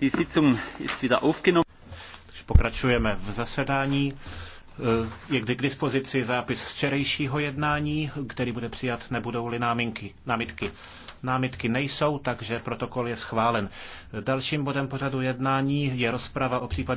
Die Pokračujeme v zasedání. Eh, je kdy k dispozici zápis z včerejšího jednání, který bude přijat, nebudou-li náminky, námitky. Námitky nejsou, takže protokol je schválen. Dalším bodem pořadu jednání je rozprava o případech